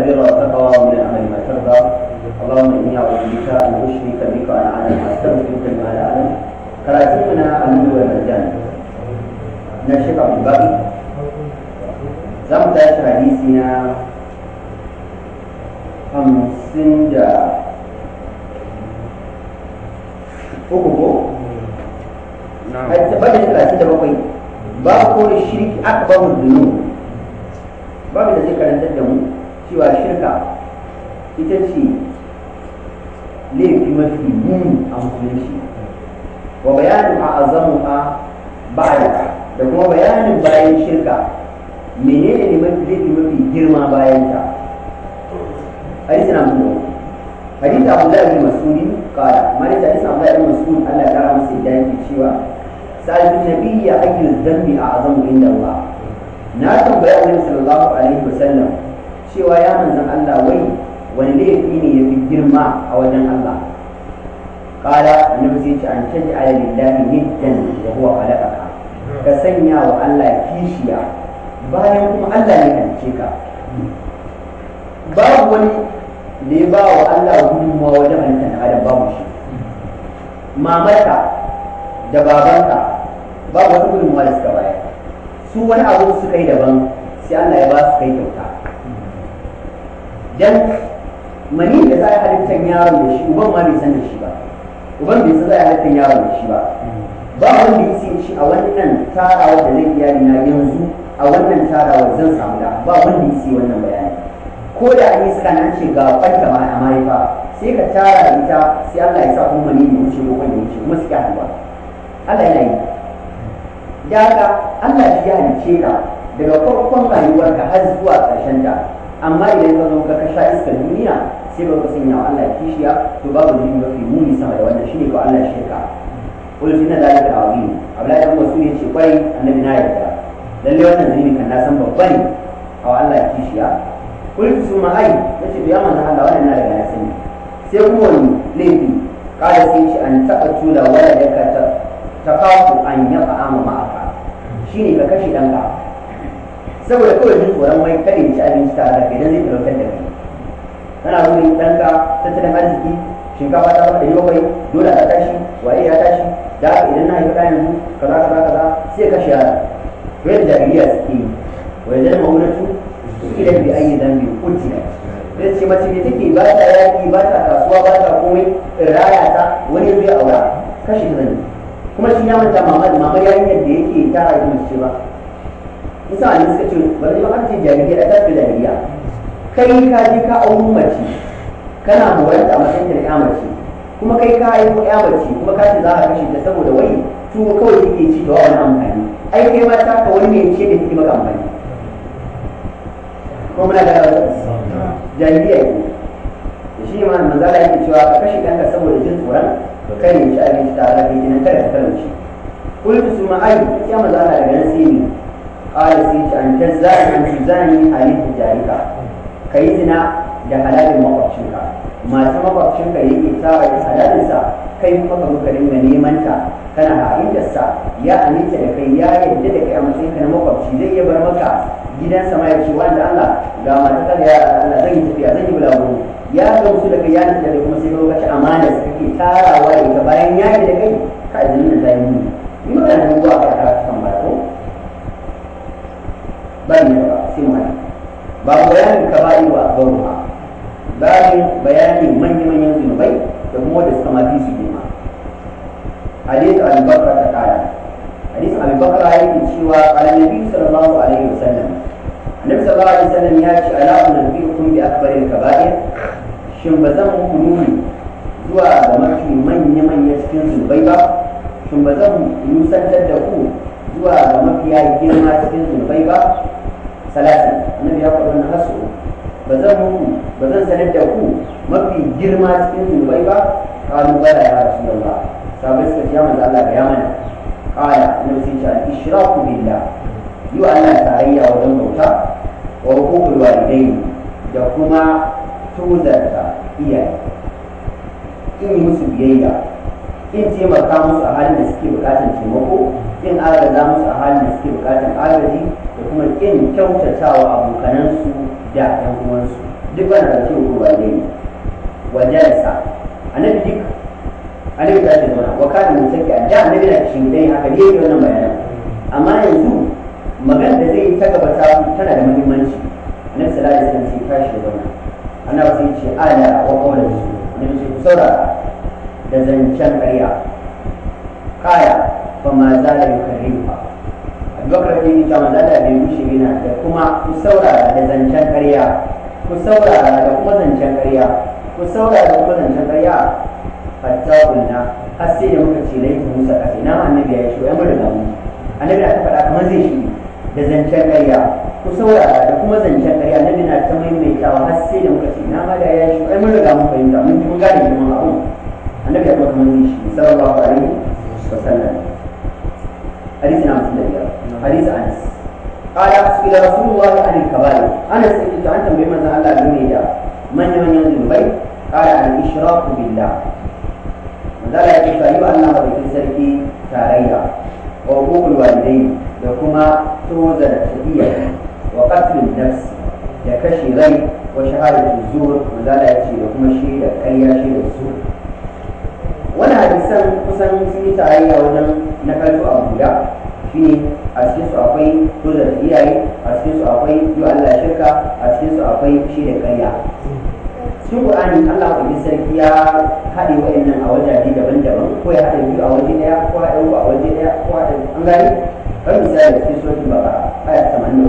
البر والتقوى ومن العمل ما ترضى اللهم اني اعوذ بك ان اشرك بك وانا اعلم واستغفرك لما لا اعلم كراتبنا النور والمجان من الشيخ عبد الباقي زعم ثلاث حديثنا خمسين جاء أوكو نعم بدل ثلاثين جاء بقي باب الشرك أكبر الذنوب باب الذي كان تدمه cewa shirka ita ce laifi mafi muni a musulunci wa bayanin a azamu a baya da kuma bayanin bayan shirka menene ne mafi laifi mafi girma bayan ta hadisi na mutu hadisi abu da masu mas'udi kada mali ta hadisi abu da masu mas'ud Allah ya kara masa idan yake cewa sa'al ake ayyuz a a'zamu inda ba na tambaya wani sallallahu alaihi wasallam cewa ya manzan Allah wai wani laifi ne ya fi girma a wajen Allah kala annabi sai ce an da ala lillahi niddan wa huwa khalaqaka ka sanya wa Allah kishiya bayan kuma Allah ne ce ka babu wani da ya ba wa Allah gudunmawa wajen halittar adam babu shi mamarka da babanka babu wani gudunmawa da suka bayar su wani abu suka yi daban sai Allah ya ba su kai kyauta dan mani da za a halittar yaro da shi uban ma bai san da shi ba uban bai san za a halittar yaro da shi ba ba wanda ya sai shi a wannan tarawa da zai iya na yanzu a wannan tarawa zan samu da ba wanda ya sai wannan bayani ko da an yi sakanan ce ga kwanta ma a mahaifa sai ka tara ita sai Allah ya sa kuma mani da wuce ko wanda ya wuce kuma suke haɗuwa Allah yana yi da haka Allah shi ya halicce ka daga farkon rayuwarka har zuwa ƙarshen ta amma idan ka zo ka sha iskar duniya sai ba ka san wa Allah kishiya to babu jini mafi muni sama da wannan shine ko Allah shi ka qul inna zalika azim Abdullahi ibn ne ce kwai annabi na yarda lalle wannan zini kan na san babba ne a Allah kishiya su ma ai yace to ya manzo Allah wannan na riga na sani sai kuma wani laifi kada sai shi an taba tula wala da ka ta an yaba amma ma'aka shine ka kashe danka saboda kawai jin tsoron wai kada ya ci abinci ta da idan zai ɗaukar da kai kana ɗan ka tattalin arziki shinkafa ta yau kai, dole ta tashi waye ya tashi da haka idan na haifi ɗayan yanzu kaza kaza kaza sai ka shi yara to yadda jahiliya suke yi wa yanzu da su? suke da bi ayi zambi kujiya zai ce mace mai take ba ta yaƙi ba ta kasuwa ba ta komai raya ta wani zai aura kashi zan kuma shi ya manta mama mama yarinyar da yake ta haifi mace ba misali suka ce wani ma an ce jami'ai da tafi jahiliya kai ka ji ka auri mace kana mubarata a matsayin da ya mace kuma kai ka yi ya mace kuma ka ce za ka kashe ta saboda wai tuwo kawai kike ci da wani amfani ai kai ma ta ka wani ne ce da kike maka amfani ko muna da jami'a ne shi ma manzala yake cewa ka kashe kanka saboda jin tsoron kai ne shi abinci tare da jinin kada ka talauci kullu suma ai ya manzala daga nan sai ne قال سيت أن تزاني أن تزاني عليك جارك كيزنا جهلال مقرشنك ما سمى مقرشنك يجي تارك حلالسا كي مقرم كريم نيمانتا كان عائدسا يا أنيت لكي يا يددك يا مسيح كان مقرشي زي برمكا gidan sama ya ce wanda Allah ga matakar ya Allah zan yi tafiya zan yi bulaguro ya gamsu da kai ya nuna da kuma sai lokaci amana su kake tarawa da ita bayan ya da kai ka izinin da zai yi ba bayanin kabari ba akbaruha ba, bayanin manya-manyan zunubai da kuma wanda suka mafi su ma hadith al-bakra ta kaya hadith al-bakra yi cewa annabi sallallahu alaihi wasallam annabi sallallahu alaihi wasallam ya ce ala unabbiukum bi akbaril kaba'ir shin ba zan muku nuni zuwa ga mafi manya manyan cikin zunubai ba shin ba zan nusantar da ku zuwa ga mafiya girma cikin zunubai ba salati annabi ya wannan hasu ba zan muku ba zan sanar da ku mafi girma cikin zunubai ba kalu bala ya rasulullah sabai suka ce ya manzo Allah ga yamana qala na sai ya ce ishraku billah yi Allah tarayya wajen bauta wa hukukul walidaini da kuma tuzarta iyaye in musu biyayya in taimaka musu a halin da suke bukatan taimako in agaza musu a halin da suke bukatan agaji da kuma in kyautatawa abokanansu da yan uwansu duk wani da ce ko wale ne wajalsa annabi duk annabi ta ce zauna wa kana musaki a da annabi na cikin dai haka ne yake wannan bayanan amma yanzu magana da zai ta gaba ta tana da muhimmanci annabi sallallahu alaihi wasallam sai tashi da zauna annabi sai ce ala wa qawlan su annabi sai ku saurara da zancen ƙarya kaya ba ma za da yukarin ba abubakar ne ita ma za da bai wuce yana da kuma ku saurara da zancen ƙarya ku saurara da kuma zancen ƙarya ku saurara da kuma zancen ƙarya A kunna har sai da muka ce laifin musa ƙasa ina ma annabi ya shi ya mura da mu annabi na ta faɗa kamar zai shi da zancen ƙarya ku saurara da kuma zancen ƙarya annabi na ta maimaitawa har sai da muka ce ina ma da ya shi ya mura da mu fahimta mun ji mun gane kuma abu النبي أبو المنيش صلى الله عليه وسلم حديث نعم سيدنا حديث أنس قال إلى رسول الله عن الكبائر انا سئلت عن تنبيه من الله الدنيا من من ينزل البيت قال عن الإشراك بالله وذلك يجب أن يؤمن بكل سلك تاريا وحقوق الوالدين وكما توزن الشهية وقتل النفس يكشي غير وشهادة الزور وذلك يجب أن يكون شيء كي يشير الزور wani hadisan kusan sun yi tarayya wajen na karfi a guda ne a cikin su akwai tozar da iyaye a cikin su akwai yi Allah shirka a cikin su akwai shi da karya cikin Qur'ani Allah ku sarki ya haɗe wa'annan a wajaje daban-daban ko ya haɗe biyu a waje ɗaya ko a uku a waje ɗaya ko haɗe an gani kan misali cikin suratul baqara aya 83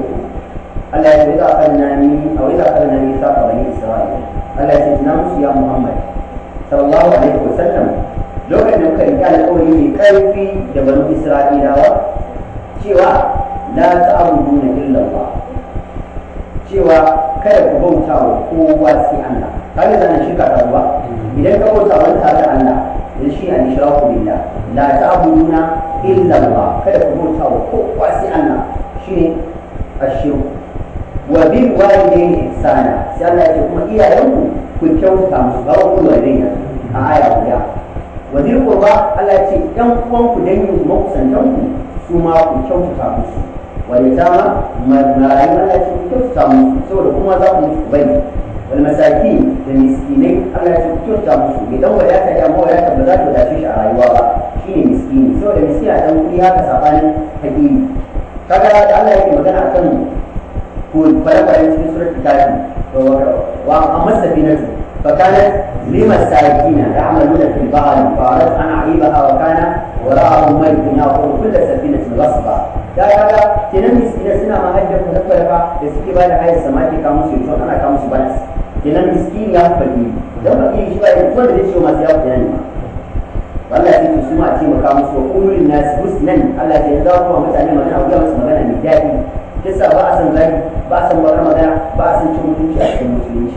Allah ya ce kan nami a wai za kan nami sa ka bani Isra'ila Allah ya ce na musu ya Muhammad sallallahu alaihi wasallam lokacin da muka riƙe alƙawari mai ƙarfi da banu isra'ilawa cewa la ta'budu na illallah cewa kada ku bauta wa kowa sai Allah kaga zan shirka ka ba idan ka bauta wa tare Allah dan shi an shiraku billah la ta'buduna illallah kada ku bauta wa kowa sai Allah shine ashiru wa bil walidayni ihsana sai Allah ya ce kuma iyayenku ku kyauta musu ga ku da a aya guda wajen kowa Allah ce ɗan uwanku dangin ku su ma ku kyautata musu wani tama marayu Allah ce ku kyautata musu saboda kuma za ku musu bai wani masaki da miskinai Allah ce ku kyautata musu idan wadata ya mawa ta ba za ta wadace shi a rayuwa ba shine miskini saboda miskini a ɗan kuɗi haka sabanin hakiri kaga da ala yake magana akan ko bare-bare cikin surat kitabi wa amma safinatu fa kanat لمساكين يعملون في البحر فارس عن عيبها وكان وراءه ملك ياخذ كل سفينه غصبا يا يا تنمي سكينة سنة ما هي جبنا كلها بسكي بعد هاي السماء كي كاموس يشوف أنا كاموس بس تنمي سكين يا فلبي جب أي شيء يكون ليش يوم أسياب تنمي والله تيجي سما تيجي مكاموس وكل الناس بس نن الله جهدا هو مش أنا مكان أوجا بس مكان أنا جاي كسا بعسن زاي بعسن بكرة مدا بعسن شو مدين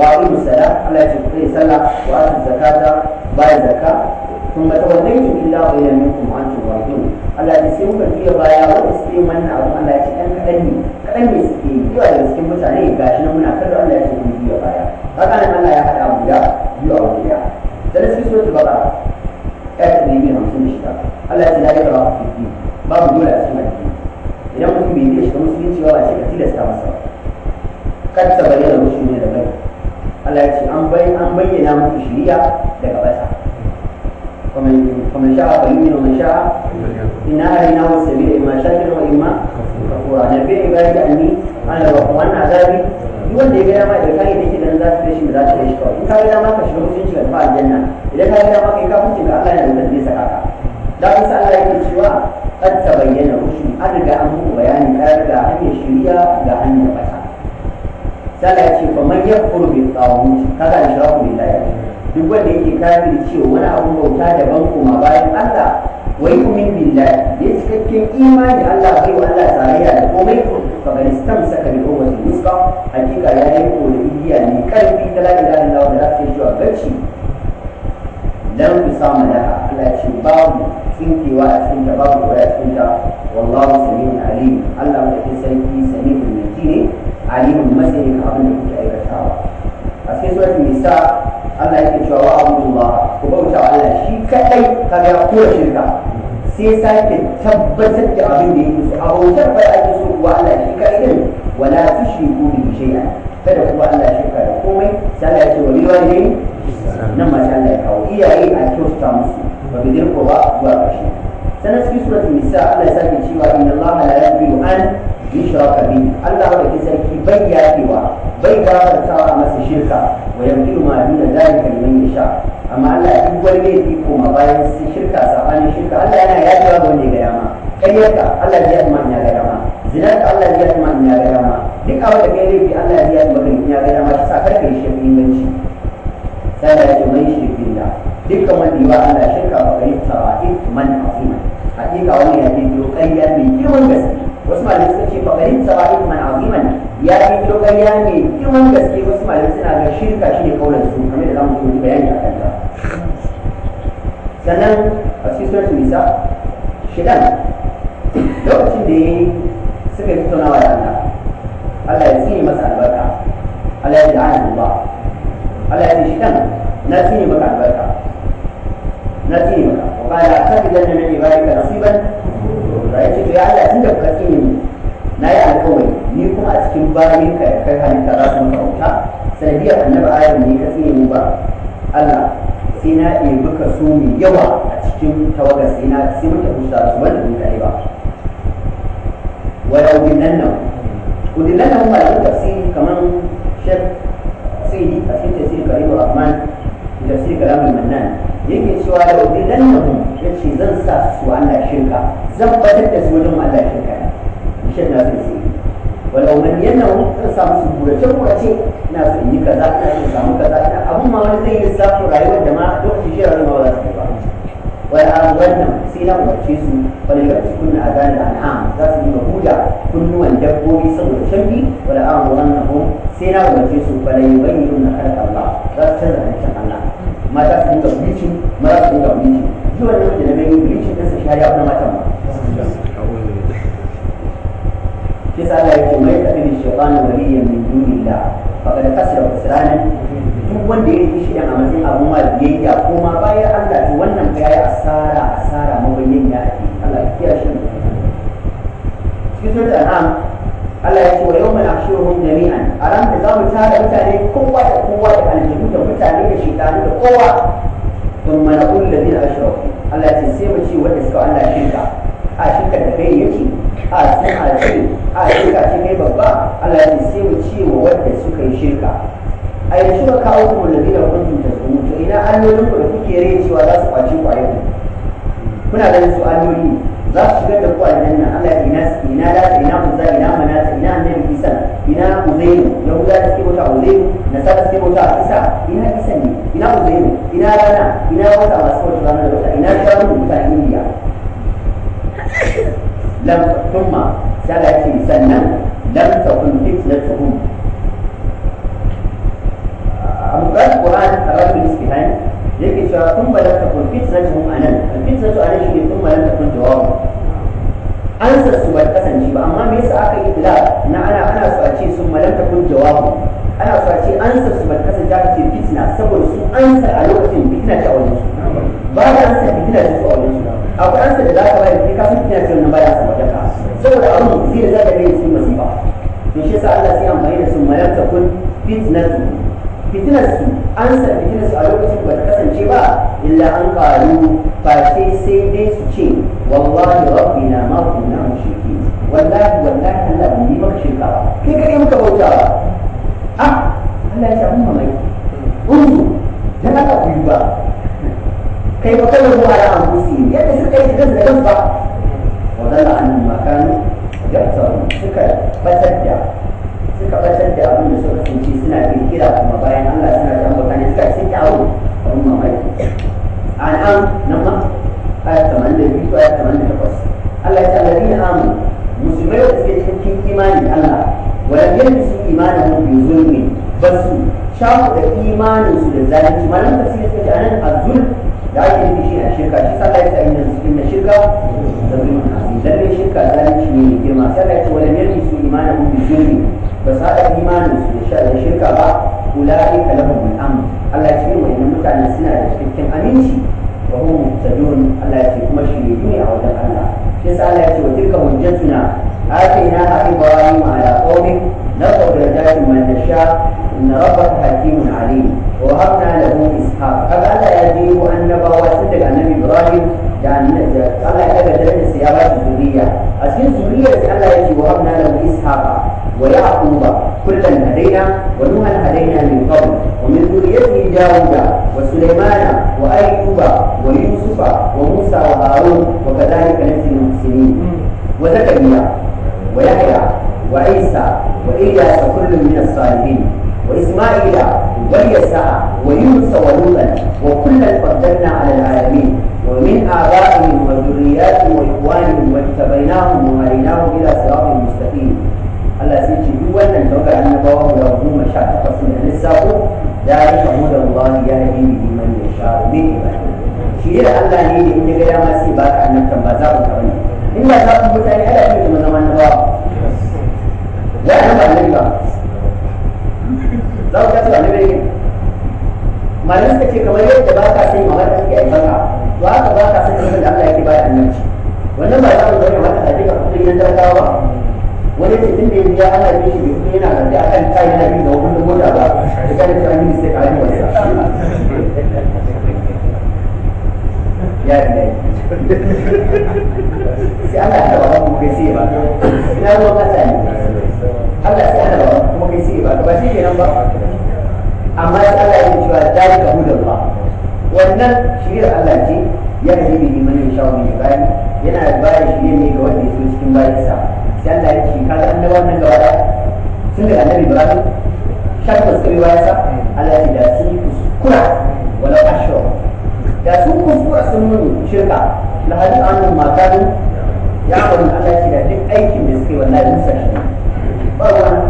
وأقيم الصلاة على تبقي صلاة وآتي الزكاة باي زكاة ثم توليتم إلا قليلا منكم وأنتم راجعون Allah ya sai muka juya baya wanda suke manna abu Allah ya ce ɗan kaɗan ne kaɗan ne suke daga cikin mutane ga shi nan muna Allah ya ce mun juya baya haka nan Allah ya haɗa mu da biyu a wuri ɗaya dan sai so ta baka ayat ne mai hamsin Allah ya ce la yara fi fi babu dole a cikin idan mutum bai yi shi musulunci ba ba ce ka tilasta masa kad sabalina rushi Allah ya ce an bai an bayyana muku shiriya daga bata kuma sha'a bayyana man sha'a ina arina wa sabila imma shakira wa imma kafura na bi ibadi anni ana rahman azabi duk wanda ya gaya ma da kai da kidan za su shi za su shi kawai in ka gaya ma ka shiga mutunci ga aljanna idan ka gaya ma kai ka fice ga Allah yana da zai saka ka da kusa Allah yake cewa qad tabayyana rushd an riga an muku bayani ka riga hanyar shiriya ga hanyar bata sala ce fa man yakfur bi tawun kaga ishraku billahi duk wanda yake kafir cewa wani abun bauta daban kuma bayan Allah wai yu'min billahi ya cikakken imani Allah bai wa Allah tarayya da komai fa saka istamsaka bi ummati muska. hakika ya yi koliya ne karfi da la ilaha illallah da ta shi a gaci dan kusama da Allah ce babu tsinkewa a cikin ta babu koya cikin ta wallahu samiu alim Allah mai sarki samiu mai ne alimun masanin abin da kuke aikatawa a cikin suratul nisa Allah yake cewa wa abdullah ku bauta wa Allah shi kadai kaga ya kura shirka sai sake tabbatar da abin da yake so a bautar bai ake so kuwa Allah shi kadai din wala tushriku bihi shay'an kada kuwa Allah shirka da komai sai Allah ya ce wa liwalidayni nan ma sai Allah ya kawo iyaye a kyautata musu ba bidir ko ba zuwa ƙarshe sanan cikin suratul nisa Allah ya sake cewa inna Allah la yaghfiru an yushraka bi Allah wa sarki bai yafewa bai gafartawa masa shirka wa yamkinu ma duna zalika liman yasha amma Allah duk wani laifi koma bayan shirka sabani shirka Allah yana yafewa ga wanda ya ga yama kayyarka Allah ya yi ya ga dama ka Allah ya yi ya ga yama duk abin da kai laifi Allah ya yi maka ya ga yama shi sakar kai shi inganci sai da ya mai shirki da dukkan wanda ya Allah shirka ba kai tsawa ikman azima hakika wani ya yi dokariya mai girman gaske wasu malamai suka ce fa garin sawa isman aziman ya yi to ƙarya ne kiwon gaske wasu malamai suna ga shirka shi ne kaulan su kamar da zamu yi bayani a kanta sannan a cikin suratul nisa shedan lokacin da ya yi suka yi tattaunawa da yawa a cikin tawagar sai na sai muka rusa su wanda mun kai ba walau bin nan nan kudin nan nan malamin tafsiri kamar shek sayyidi a cikin tafsirin karimu rahman da tafsirin kalamin mannan yake cewa da udin nan nan yace zan sa su Allah shirka zan batar da su wajen Allah shirka shek na sai walau man yana zan samu su burace burace ina son yi kaza ina son samu kaza abun ma wani zai yi lissafin rayuwar da ma lokacin shi rayuwar ma ba za su wannan wannan sai na umarci su wani ga cikin azan da an'am su yi mahuja kunnuwan dabbobi saboda shabbi wani an wannan hu sai na umarci su wani yi wani yi na kada Allah za su canza na cikin Allah mata su yi ga bricin su yi ga bricin zuwa wanda na gani bricin ɗinsa shi ya fi na matan ba yasa Allah yake mai kafin shaytan waliyan min dunillah faqad kasira khusrana duk wanda ya yi shi a matsayin abun ma biyayya ko ma bayan Allah to wannan fa yayi asara asara mabayyin ya ake Allah ya kiyaye shi cikin sura al-an'am Allah ya ce wa yawmal ahshuruhum jami'an aran da mu tara mutane kowa da kowa da aljihu da mutane da shaytanu da kowa Don mana naqul ladina ashraku Allah ya ce sai mu ce wanda suka Allah shirka a shirka da kai yake a sun a ce a shirka ce kai babba Allah ya sai mu ce wa wanda suka yi shirka a yanzu ka kawo ku mulabi da kuntum ta zumu mutu? ina allolin ku da kuke rai cewa za su kwace kwayan kuna ganin su alloli za su shigar da ku aljanna Allah ya ina ina da ina musa ina manata ina annabi isa ina Uzaini, uzairu yahuda da suke bauta uzairu nasara suke bauta isa ina isa ne ina Uzaini, ina rana ina wata masu wata rana da wata ina shanu mutane indiya lam thumma salati sannan lam takun fitnatuhum abu kan qur'an rabbil istihan yake cewa thumma lam takun fitnatuhum anan fitnatu anan shi thumma lam takun jawab an su bai kasance ba amma me yasa aka yi na ana ana so a ce sun malam takun jawabu ana so a ce an su bai kasance aka ce fitna saboda su an a lokacin fitna ta wajen su ba da an sa fitna ta wajen akwai an da za ka bayar duk ina son nan baya son wajen ka saboda abin zai zaka bai cikin masifa to shi yasa Allah sai amfani da sun malam ta kun fitnatu fitnatu an san fitnatu a lokacin ba ta kasance ba illa an qalu fa sai sai dai su ce wallahi rabbina ma kunna mushriki wallahi wallahi Allah bai maka shirka kai kai muka bauta ah Allah ya samu mamaki unzu dan aka kuyi ba kai ba kai ruwa da an kusi yadda suka yi da kansu da kansu ba wadalla an makanu yaftarun suka batar da suka batar da abin da suka kunci suna kirkira kuma bayan Allah suna jan mutane suka ci kyawu abin mamaki an an nan ma aya 82 da takwas Allah ya ce na amanu musulmai da suke cikin imanin Allah walam yalbisu imanahum bi zulmin basu shafu da imanin su da zalunci malam tafsir suka ce anan azul da ake nufi shi a shirka shi sallah ya ce a yi shirka da zulmi lalle shirka zalunci ne girma sai ya ce wala yarmi su imanin bi zulmi ba sa da imanin su da shar shirka ba ulai kalahum mai amn Allah ya ce wannan mutane suna da cikakken aminci wa hum muhtadun Allah ya ce kuma shiriyu ne a wajen Allah shi sa Allah ya ce wa tilka hujjatuna atayna ibrahim ala qaumin نقض man da sha. إن ربك حكيم عليم ووهبنا له إسحاق هذا لا يجيب أن بواسطة النبي إبراهيم يعني الله كذا ثلاث سيارات الذرية سوريه قال لك يجي وهبنا له إسحاق ويعقوب كلا هدينا ونوحا هدينا من قبل ومن ذريته داوود وسليمان وأيوب ويوسف وموسى وهارون وكذلك نفس المحسنين وزكريا ويحيى وعيسى وإياس كل من الصالحين واسماعيل واليسع ويونس ولوطا وكلا فضلنا على العالمين ومن ابائهم وذرياتهم واخوانهم واجتبيناهم وهديناهم الى صراط مستقيم. الله سيدي هو ان نتوكل على النبوة ولهم شاك قصيدة لساقه ذلك هدى الله يهدي به من يشاء من شير الله لي ان غير ما سيباك ان تنبازاك وتغني. ان شاء الله تعالى الا في زمن النبوة. لا نبغى نبغى za ku kasa wani ne malam suka ce kamar yadda ba ka sai mamar ake yi maka to haka ba ka sai kamar da Allah yake bayar annabci wannan ba za ku zama mata a jika kuɗi na talakawa ba wani ce tun da ya biya ana shi yana da ya kan kai yana biyu da wani mota ba da kada ta yi sai ka yi wasa ya yi dai sai Allah ya ba ku kai sai ba ina ruwan kasa ne Allah sai Allah ba kai sai ba ba shi kenan ba amma ya Allah ya cewa dalika hudallah wannan shirya Allah ce ya kaji bi liman ya shawo mai bayan yana ba da shirya ne ga wanda ya so cikin bayansa sai Allah ya ce kaga annabawan nan gaba da tun daga annabi Ibrahim shakka sai sa Allah ya ce da su kuskura wala ashra da su kuskura sun mun shirka la hadu ma makalu ya amuru Allah ya ce da duk aikin da suke wallahi musa shi ba wannan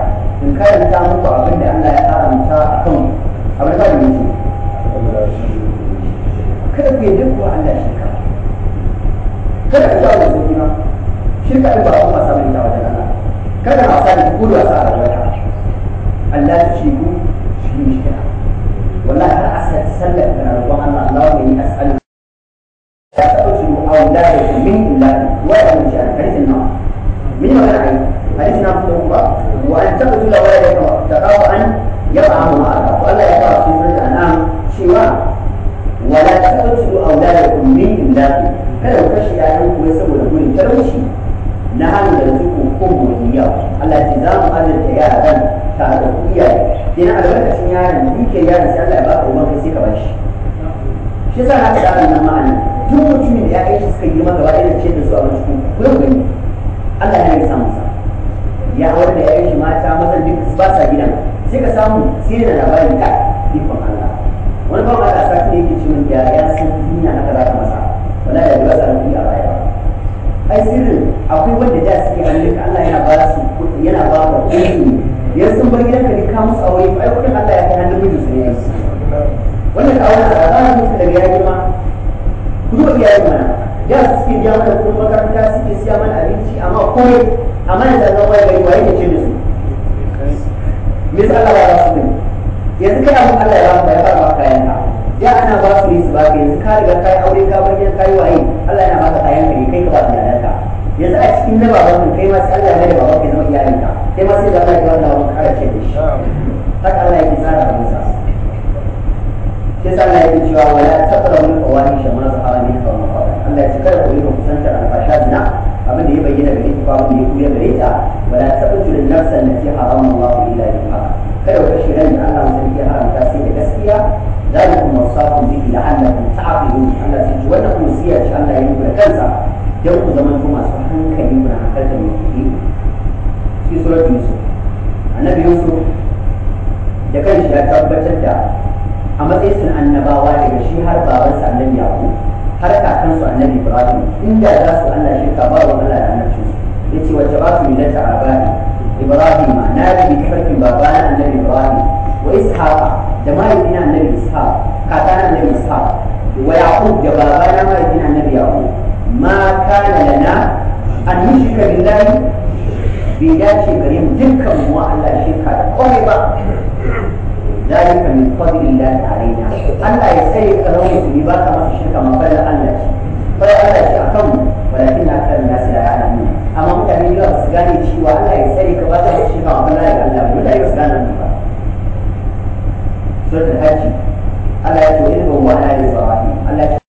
in karanta muku abin da Allah ya haramta a kan abin da ne kada ku yi duk Allah shirka kada ku zaɓa sauki ma shirka da ba kuma samun ta wajen Allah kada a sa ku kudu a sa a rayuwa Allah ya ce ku shi ne shirka wallahi har asal sallar da roƙon Allah Allah ne ya asal ya tsaɓa su a wanda ya ce min illa wa ya wuce a kai sinna min wa ya حديث نعم الأمة وأن تقتل ولدك تخاف أن يطعم معك وألا يقع في سورة الأنعام شيئا ولا تقتلوا أولادكم من إملاق kada ku kashe yayan ku saboda gudun talauci na hannun da zuku ko moriya Allah ce za mu azurta yaran tare da ku iyaye dan albarkacin yaran duke yaran sai Allah ya baka umarka sai ka bashi shi yasa haka yaran nan ma'ana duk mutumin da ya kai shi suka girma gaba ɗaya da ce da su a wani cikin kullum gani Allah ya yi samun sa ya aure da yayin shi mata mazan duk ba sa gidan sai ka samu sai da labarin ka ikon Allah wani ba Allah sa ne yake cewa ya ya san duniya na kaza ta masa wala da ba sa ni a baya ai sirrin akwai wanda da suke hannun Allah yana ba su yana ba kudi ya san ba gidan ka ne ka musu aure ai kuɗin Allah ya kai hannun su ne wannan ka aure da ranar mutu daga ya kuma ku duba iyayen mana ya suke biya mana kuɗin makaranta suke siya mana abinci amma kuma. amma yanzu an zama gari wa yake ce da su me yasa Allah ya ba su ne yanzu kana mun Allah ya ba su ya ba ma kayan ka ya ana ba su ne su ba ka yanzu ka riga kai aure ka bar gidan kai waye Allah yana baka kayan ka ne kai ka ba su yanar ka yanzu a cikin na baban mu kai ma sai Allah ya mai da baban ka zama iyalin ka kai ma sai da Allah ya ba wannan ka kare ce da shi haka Allah yake tsara da musa sai Allah yake cewa wala taqrabu al-fawahisha ma zahara minha wa ma Allah ya ce kada abin da ya bayyana gare ta babu ya kuya gare ta wala taqtulun nafsan allati harama Allah illa biha kada ku kashe ran da Allah mutum ya haramta sai da gaskiya ذلكم وصاكم به لعلكم Allah الله سيجي وانا وصية الله يقول كنسا يوم زمن da سبحانه كريم da حقيقة الموجودين في سورة يوسف النبي يوسف da shi ya tabbatar da a matsayin annabawa daga shi har babansa annabi yaqub har kakan su annabi ibrahim inda za su ana shirka ba wa Allah da annabci yace wa jabatu millata abani ibrahim na da bi farkin babana annabi ibrahim wa ishaqa da mahaifina annabi ishaq kakana annabi ishaq wa yaqub da babana mahaifina annabi yaqub ma kana lana an mushrika billahi bai dace gare mu dukkan mu Allah shirka da komai ba ذلك من فضل الله علينا ألا يسير كلامه في بات ما في الشركة ما فعل الله فلا الله يحكم ولكن أكثر الناس لا يعلمون أما ممكن يجوا سجاني شيء وألا يسير كبات ما في الشركة ما فعل الله ولا يسجان سورة الحج ألا يتوهنه ولا يسرعه ألا